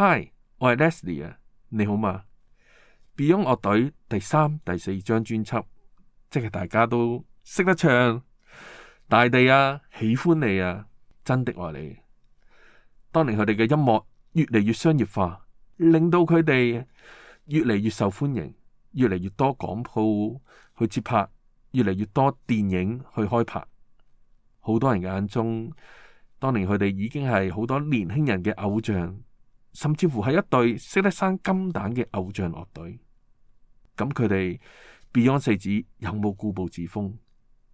Hi，我係 Leslie 啊，你好嘛？Beyond 樂隊第三、第四張專輯，即係大家都識得唱《大地》啊，《喜歡你》啊，《真的愛你》。當年佢哋嘅音樂越嚟越商業化，令到佢哋越嚟越受歡迎，越嚟越多廣告去接拍，越嚟越多電影去開拍。好多人嘅眼中，當年佢哋已經係好多年輕人嘅偶像。甚至乎係一對識得生金蛋嘅偶像樂隊，咁佢哋 Beyond 四子有冇固步自封，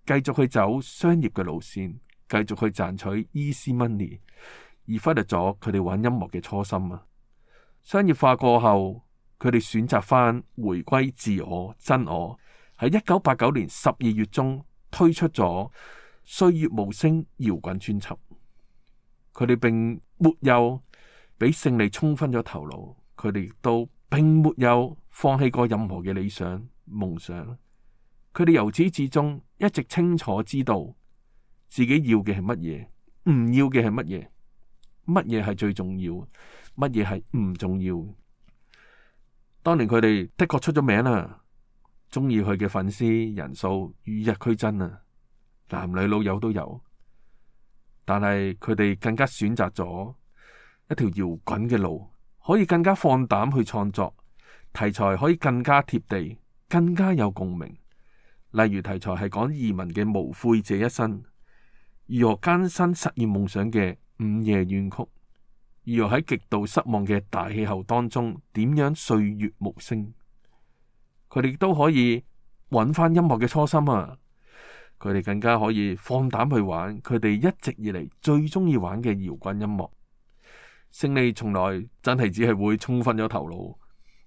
繼續去走商業嘅路線，繼續去賺取 Easy Money，而忽略咗佢哋玩音樂嘅初心啊？商業化過後，佢哋選擇翻回歸自我、真我，喺一九八九年十二月中推出咗《歲月無聲》搖滾專輯，佢哋並沒有，俾勝利沖昏咗頭腦，佢哋亦都並沒有放棄過任何嘅理想夢想。佢哋由始至終一直清楚知道自己要嘅係乜嘢，唔要嘅係乜嘢，乜嘢係最重要，乜嘢係唔重要。當年佢哋的確出咗名啦，中意佢嘅粉絲人數與日俱增啊，男女老友都有。但係佢哋更加選擇咗。一條搖滾嘅路，可以更加放膽去創作，題材可以更加貼地，更加有共鳴。例如題材係講移民嘅無悔這一生，如何艱辛實現夢想嘅《午夜怨曲》，如何喺極度失望嘅大氣候當中點樣歲月無聲。佢哋都可以揾翻音樂嘅初心啊！佢哋更加可以放膽去玩，佢哋一直以嚟最中意玩嘅搖滾音樂。勝利從來真係只係會沖昏咗頭腦，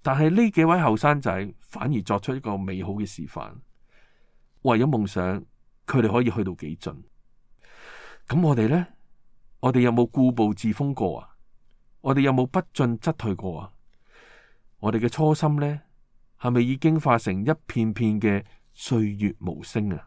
但係呢幾位後生仔反而作出一個美好嘅示範，為咗夢想，佢哋可以去到幾盡。咁我哋呢？我哋有冇固步自封過啊？我哋有冇不進則退過啊？我哋嘅初心呢，係咪已經化成一片片嘅歲月無聲啊？